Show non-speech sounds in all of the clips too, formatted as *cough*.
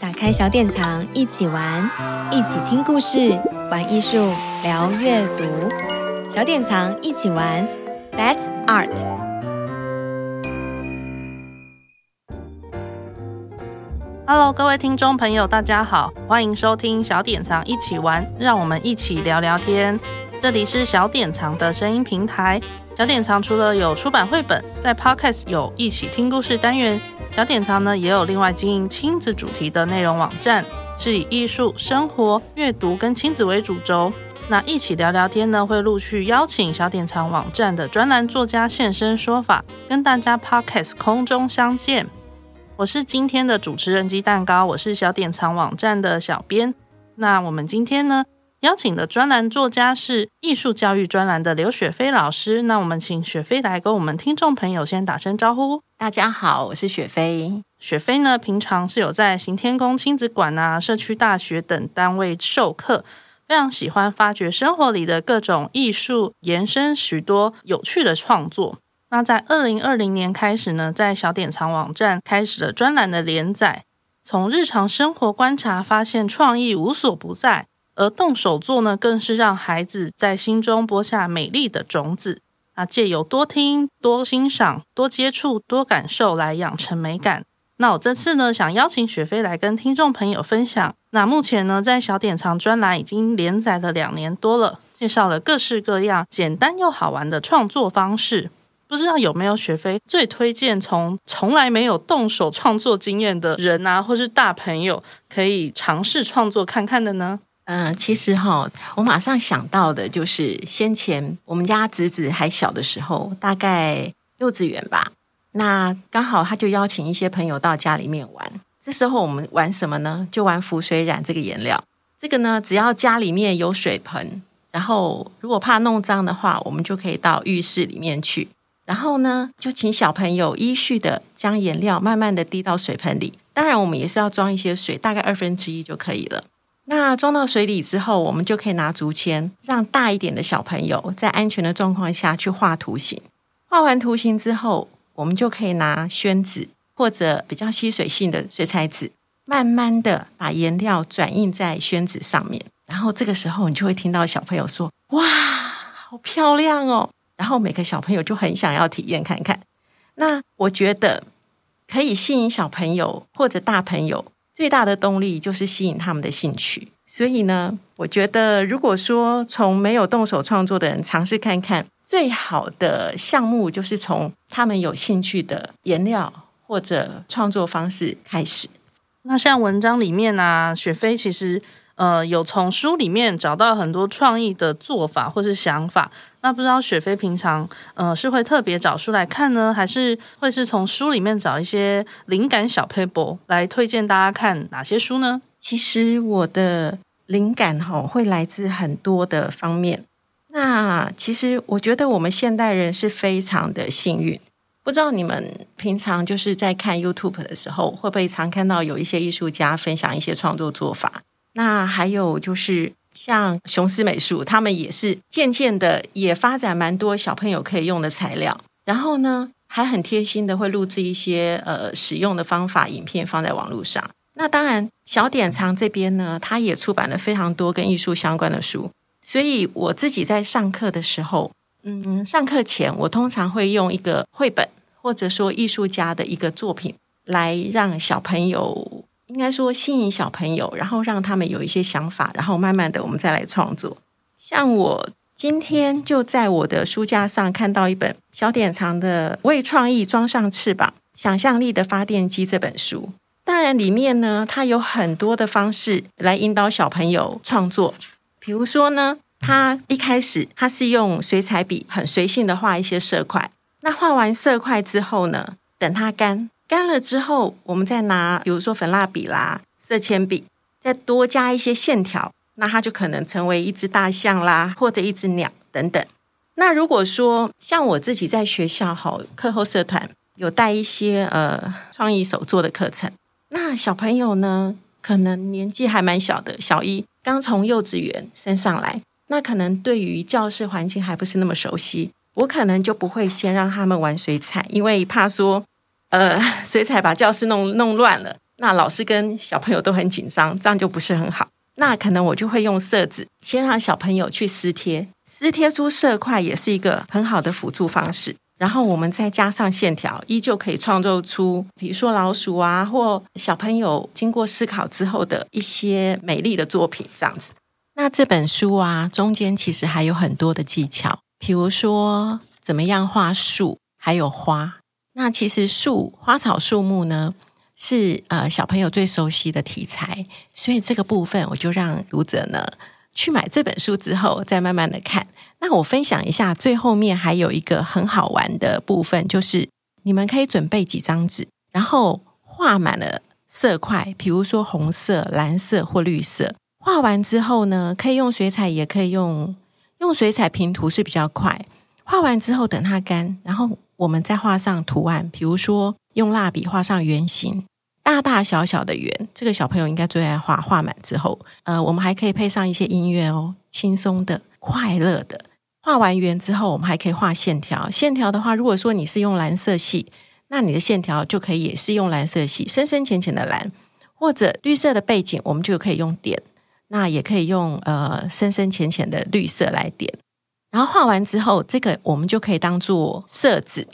打開小典藏，一起玩，一起聽故事，玩藝術，聊閱讀。小典藏，一起玩，一起聽故事，玩藝術，聊閱讀。小典藏，一起玩 That's Art。Hello，各位聽眾朋友，大家好，歡迎收聽小典藏一起玩，讓我們一起聊聊天。這裡是小典藏的聲音平台。小典藏除了有出版繪本，在 Podcast 有一起聽故事單元。小典藏呢，也有另外經營親子主題的內容網站，是以藝術、生活、閱讀跟親子為主軸。那一起聊聊天呢，會陸續邀請小典藏網站的專欄作家現身說法，跟大家 Podcast 空中相見。我是今天的主持人雞蛋糕，我是小典藏網站的小編。那我們今天呢，邀請的專欄作家是藝術教育專欄的劉雪妃老師。那我們請雪妃來跟我們聽眾朋友先打聲招呼。大家好，我是雪妃。雪妃呢，平常是有在行天宮親子館啊、社區大學等單位授課，非常喜歡發掘生活裡的各種藝術，延伸許多有趣的創作。那在二零二零年開始呢，在小典藏網站開始了專欄的連載，從日常生活觀察發現創意無所不在，而動手做呢，更是讓孩子在心中播下美力的種子。啊，藉由多聽、多欣賞、多接觸、多感受，來養成美感。那我這次呢，想邀請雪妃來跟聽眾朋友分享。那目前呢，在小典藏專欄已經連載了兩年多了，介紹了各式各樣簡單又好玩的創作方式。不知道有沒有雪妃最推薦從從來沒有動手創作經驗的人啊，或是大朋友可以嘗試創作看看的呢？嗯，其實哈，我馬上想到的就是先前我們家侄子，子還小的時候，大概幼稚園吧。那剛好他就邀請一些朋友到家裡面玩。這時候我們玩什麼呢？就玩浮水染這個顏料。這個呢，只要家裡面有水盆，然後如果怕弄髒的話，我們就可以到浴室裡面去。然後呢，就請小朋友依序的將顏料慢慢的滴到水盆裡。當然，我們也是要裝一些水，大概二分之一就可以了。那裝到水裡之後，我們就可以拿竹籤，讓大一點的小朋友在安全的狀況下去畫圖形。畫完圖形之後，我們就可以拿宣紙或者比較吸水性的水彩紙，慢慢的把顏料轉印在宣紙上面。然後這個時候，你就會聽到小朋友說：“哇，好漂亮哦！”然後每個小朋友就很想要體驗看看。那我覺得可以吸引小朋友或者大朋友。最大的動力就是吸引他們的興趣，所以呢，我覺得如果說從沒有動手創作的人嘗試看看，最好的項目就是從他們有興趣的顏料或者創作方式開始。那像文章裡面呢、啊，雪妃其實呃有從書裡面找到很多創意的做法或是想法。那不知道雪妃平常，呃，是會特別找書來看呢，還是會是從書裡面找一些靈感小 paper 來推薦大家看哪些書呢？其實我的靈感吼會來自很多的方面。那其實我覺得我們現代人是非常的幸運。不知道你們平常就是在看 YouTube 的時候，會不會常看到有一些藝術家分享一些創作做法？那還有就是。像雄獅美術，他們也是漸漸的也發展蠻多小朋友可以用的材料，然後呢，還很貼心的會錄制一些呃使用的方法影片放在網絡上。那當然，小典藏這邊呢，他也出版了非常多跟藝術相關的書。所以我自己在上課的時候，嗯，上課前我通常會用一個繪本，或者說藝術家的一個作品，來讓小朋友。應該說，吸引小朋友，然後讓他們有一些想法，然後慢慢的我們再來創作。像我今天就在我的書架上看到一本《小典藏的為創意裝上翅膀：想象力的發電機》這本書。當然，裡面呢，它有很多的方式來引導小朋友創作。比如說呢，它一開始它是用水彩筆很隨性的畫一些色塊。那畫完色塊之後呢，等它乾。乾了之後，我們再拿，比如說粉蠟筆啦、色鉛筆，再多加一些線條，那它就可能成為一隻大象啦，或者一隻鳥等等。那如果說像我自己在學校吼，課後社團有帶一些呃創意手作的課程，那小朋友呢，可能年紀還蠻小的，小一剛從幼稚園升上來，那可能對於教室環境還不是那麼熟悉，我可能就不會先讓他們玩水彩，因為怕說。呃，水彩，把教室弄弄亂了，那老師跟小朋友都很緊張，這樣就不是很好。那可能我就會用色紙，先讓小朋友去撕貼，撕貼出色塊也是一個很好的輔助方式。然後我們再加上線條，依舊可以創作出，比如說老鼠啊，或小朋友經過思考之後的一些美麗的作品，這樣子。那這本書啊，中間其實還有很多的技巧，比如說怎麼樣畫樹，還有花。那其實樹花草樹木呢，是呃小朋友最熟悉的題材，所以這個部分我就讓讀者呢去買這本書之後再慢慢的看。那我分享一下，最後面還有一個很好玩的部分，就是你們可以準備幾張紙，然後畫滿了色塊，比如說紅色、藍色或綠色。畫完之後呢，可以用水彩，也可以用用水彩平塗是比較快。畫完之後等它乾，然後。我們再畫上圖案，比如說用蠟筆畫上圓形，大大小小的圓。這個小朋友應該最愛畫，畫滿之後，呃，我們還可以配上一些音樂哦，輕鬆的、快樂的。畫完圓之後，我們還可以畫線條。線條的話，如果說你是用藍色系，那你的線條就可以也是用藍色系，深深淺淺的藍，或者綠色的背景，我們就可以用點，那也可以用呃深深淺淺的綠色來點。然後畫完之後，這個我們就可以當做色紙。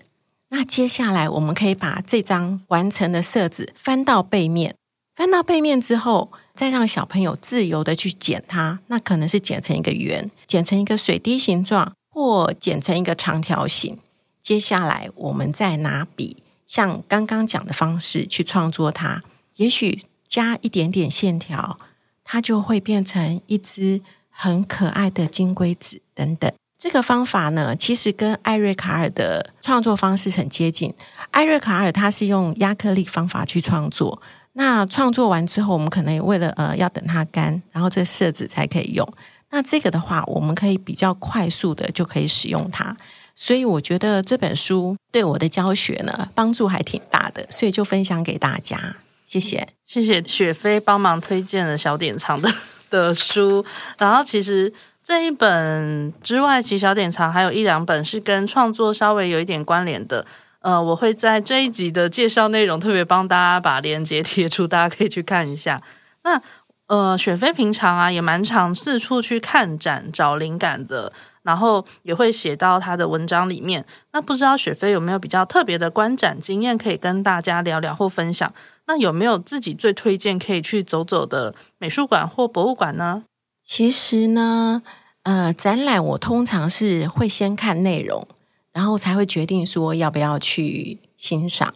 那接下來，我們可以把這張完成的色紙翻到背面，翻到背面之後，再讓小朋友自由的去剪它。那可能是剪成一個圓，剪成一個水滴形狀，或剪成一個長條形。接下來，我們再拿筆，像剛剛講的方式去創作它。也許加一點點線條，它就會變成一隻很可愛的金龜子等等。這個方法呢，其實跟艾瑞卡爾的創作方式很接近。艾瑞卡爾他是用壓克力方法去創作，那創作完之後，我們可能也為了呃要等它乾，然後這色紙才可以用。那這個的話，我們可以比較快速的就可以使用它。所以我覺得這本書對我的教學呢幫助還挺大的，所以就分享給大家。謝謝，謝謝雪妃幫忙推薦了小典藏的的書，然後其實。這一本之外，其小典藏還有一兩本是跟創作稍微有一點關聯的。呃，我會在這一集的介紹內容特別幫大家把連結貼出，大家可以去看一下。那呃，雪妃平常啊也蠻常四處去看展找靈感的，然後也會寫到她的文章裡面。那不知道雪妃有沒有比較特別的觀展經驗可以跟大家聊聊或分享？那有沒有自己最推薦可以去走走的美術館或博物館呢？其實呢，呃，展覽我通常是會先看內容，然後才會決定說要不要去欣賞。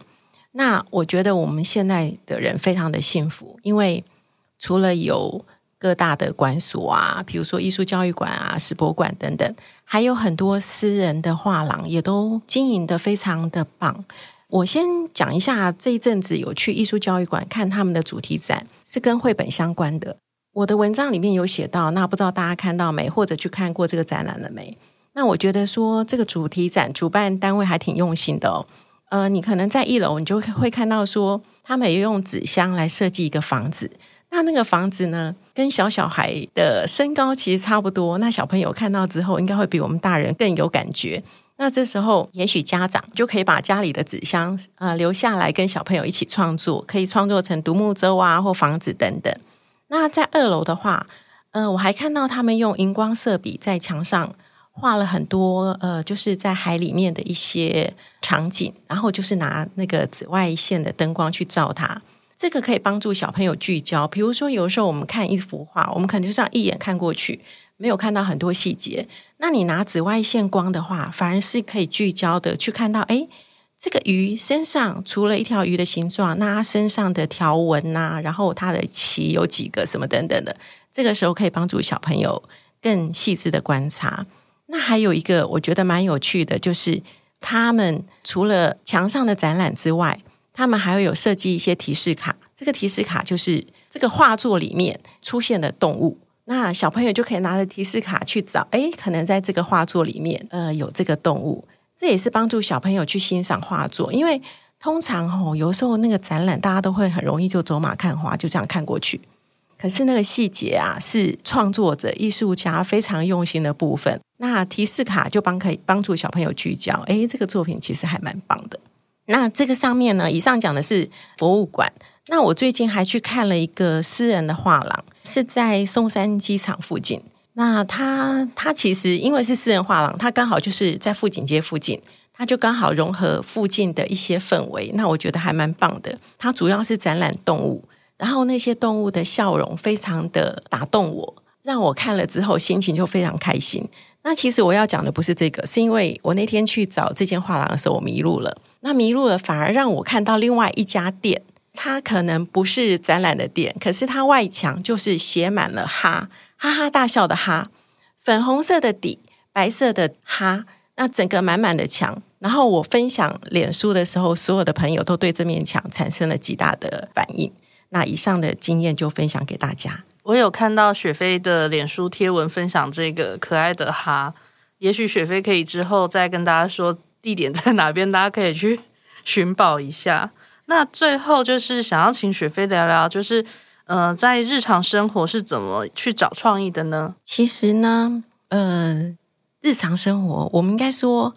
那我覺得我們現在的人非常的幸福，因為除了有各大的館所啊，比如說藝術教育館啊、史博館等等，還有很多私人的畫廊也都經營的非常的棒。我先講一下這一陣子有去藝術教育館看他們的主題展，是跟繪本相關的。我的文章裡面有寫到，那不知道大家看到沒，或者去看過這個展覽了沒？那我覺得說這個主題展主辦單位還挺用心的哦。呃，你可能在一樓，你就會看到說他們也用紙箱來設計一個房子。那那個房子呢，跟小小孩的身高其實差不多。那小朋友看到之後，應該會比我們大人更有感覺。那這時候，也許家長就可以把家裡的紙箱啊，呃，留下來，跟小朋友一起創作，可以創作成獨木舟啊，或房子等等。那在二樓的話，呃，我還看到他們用熒光色筆在牆上畫了很多，呃，就是在海裡面的一些場景，然後就是拿那個紫外線的燈光去照它，這個可以幫助小朋友聚焦。比如說，有時候我們看一幅畫，我們可能就這樣一眼看過去，沒有看到很多細節。那你拿紫外線光的話，反而是可以聚焦的，去看到誒。這個魚身上除了一條魚的形狀，那它身上的條紋吶、啊，然後它的鰭有幾個什麼等等的，這個時候可以幫助小朋友更細緻的觀察。那還有一個我覺得蠻有趣的，就是他們除了牆上的展覽之外，他們還會有，有設計一些提示卡。這個提示卡就是這個畫作裡面出現的動物，那小朋友就可以拿着提示卡去找，哎，可能在這個畫作裡面，呃，有這個動物。這也是幫助小朋友去欣賞畫作，因為通常哦，有時候那個展覽大家都會很容易就走馬看花，就這樣看過去。可是那個細節啊，是創作者、藝術家非常用心的部分。那提示卡就幫可以幫助小朋友聚焦。哎，這個作品其實還蠻棒的。那這個上面呢，以上講的是博物館。那我最近還去看了一個私人的畫廊，是在松山機場附近。那它它其實因為是私人畫廊，它剛好就是在富錦街附近，它就剛好融合附近的一些氛圍。那我覺得還蠻棒的。它主要是展覽動物，然後那些動物的笑容非常的打動我，讓我看了之後心情就非常開心。那其實我要講的不是這個，是因為我那天去找這間畫廊的時候，我迷路了。那迷路了反而讓我看到另外一家店，它可能不是展覽的店，可是它外牆就是寫滿了哈。哈 *laughs* 哈大笑的哈，粉紅色的底，白色的哈，那整個滿滿的牆。然後我分享臉書的時候，所有的朋友都對這面牆產生了極大的反應。那以上的經驗就分享給大家。我有看到雪妃的臉書貼文分享這個可愛的哈，也許雪妃可以之後再跟大家說地點在哪邊，大家可以去尋寶一下。那最後就是想要請雪妃聊聊，就是。呃，在日常生活是怎麼去找創意的呢？其實呢，呃，日常生活我們應該說，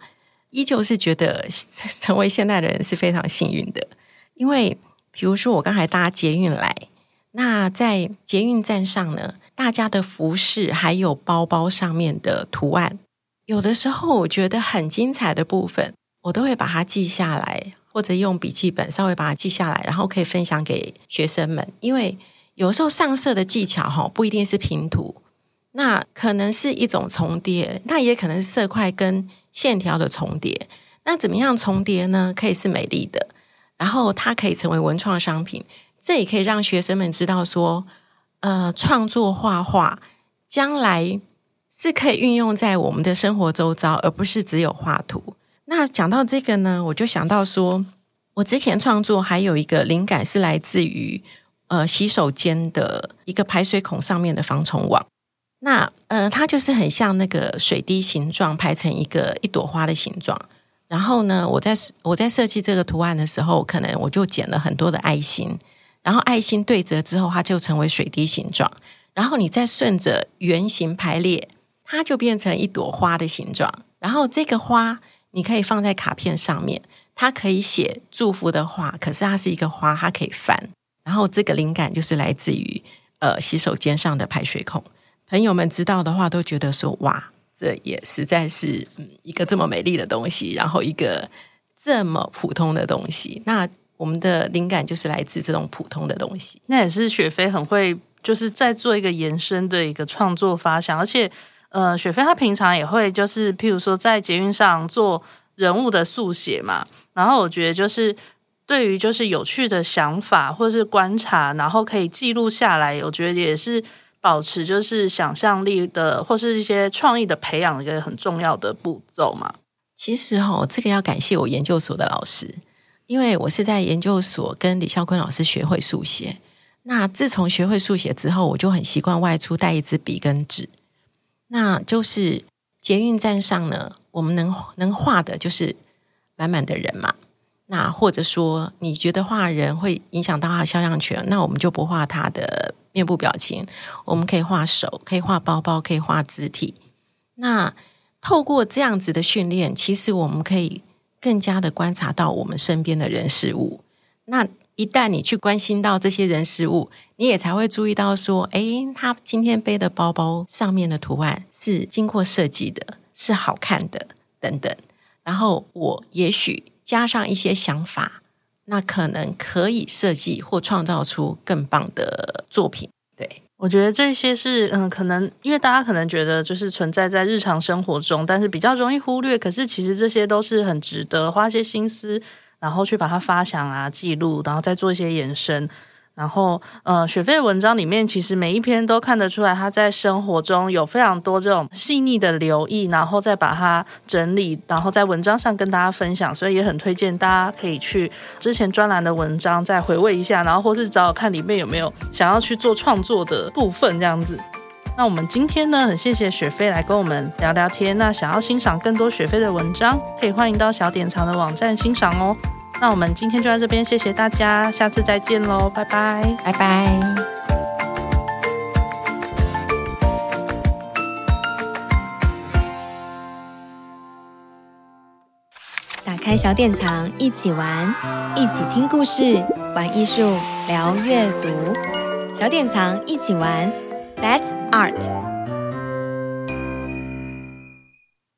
依舊是覺得成為現代的人是非常幸運的，因為比如說我剛才搭捷運來，那在捷運站上呢，大家的服飾還有包包上面的圖案，有的時候我覺得很精彩的部分，我都會把它記下來，或者用筆記本稍微把它記下來，然後可以分享給學生們，因為。有時候上色的技巧哈，不一定是平塗，那可能是一種重疊，那也可能是色塊跟線條的重疊。那怎麼樣重疊呢？可以是美麗的，然後它可以成為文創商品，這也可以讓學生們知道說，呃，創作畫畫將來是可以運用在我們的生活周遭，而不是只有畫圖。那講到這個呢，我就想到說我之前創作還有一個靈感是來自於。呃，洗手間的一個排水孔上面的防蟲網，那呃，它就是很像那個水滴形狀，排成一個一朵花的形狀。然後呢，我在我在設計這個圖案的時候，可能我就剪了很多的愛心，然後愛心對折之後，它就成為水滴形狀。然後你再順着圓形排列，它就變成一朵花的形狀。然後這個花你可以放在卡片上面，它可以寫祝福的話，可是它是一個花，它可以翻。然後這個靈感就是來自於呃洗手間上的排水孔，朋友們知道的話都覺得說哇，這也實在是、嗯、一個這麼美麗的東西，然後一個這麼普通的東西。那我們的靈感就是來自這種普通的東西。那也是雪妃很會就是在做一個延伸的一個創作發想，而且呃雪妃她平常也會就是譬如說在捷運上做人物的速寫嘛，然後我覺得就是。對於就是有趣的想法或是觀察，然後可以記錄下來，我覺得也是保持就是想象力的或是一些創意的培養一個很重要的步驟嘛。其實哦，這個要感謝我研究所的老師，因為我是在研究所跟李孝坤老師學會速寫。那自從學會速寫之後，我就很習慣外出帶一支筆跟紙。那就是捷運站上呢，我們能能畫的就是滿滿的人嘛。那或者說，你覺得畫人會影響到他的肖像權，那我們就不畫他的面部表情。我們可以畫手，可以畫包包，可以畫肢體。那透過這樣子的訓練，其實我們可以更加的觀察到我們身邊的人事物。那一旦你去關心到這些人事物，你也才會注意到說，誒，他今天背的包包上面的圖案是經過設計的，是好看的等等。然後我也許。加上一些想法，那可能可以設計或創造出更棒的作品。對，我覺得這些是嗯，可能因為大家可能覺得就是存在在日常生活中，但是比較容易忽略。可是其實這些都是很值得花一些心思，然後去把它發想啊、記錄，然後再做一些延伸。然後，呃，雪妃的文章裡面，其實每一篇都看得出來，他在生活中有非常多這種細膩的留意，然後再把它整理，然後在文章上跟大家分享，所以也很推薦大家可以去之前專欄的文章再回味一下，然後或是找找看裡面有沒有想要去做創作的部分這樣子。那我們今天呢，很謝謝雪妃來跟我們聊聊天。那想要欣賞更多雪妃的文章，可以歡迎到小典藏的網站欣賞哦。那我們今天就到這邊，謝謝大家，下次再見嘍，拜拜，拜拜。打開小典藏，一起玩，一起聽故事，玩藝術，聊閱讀。小典藏，一起玩，That's Art。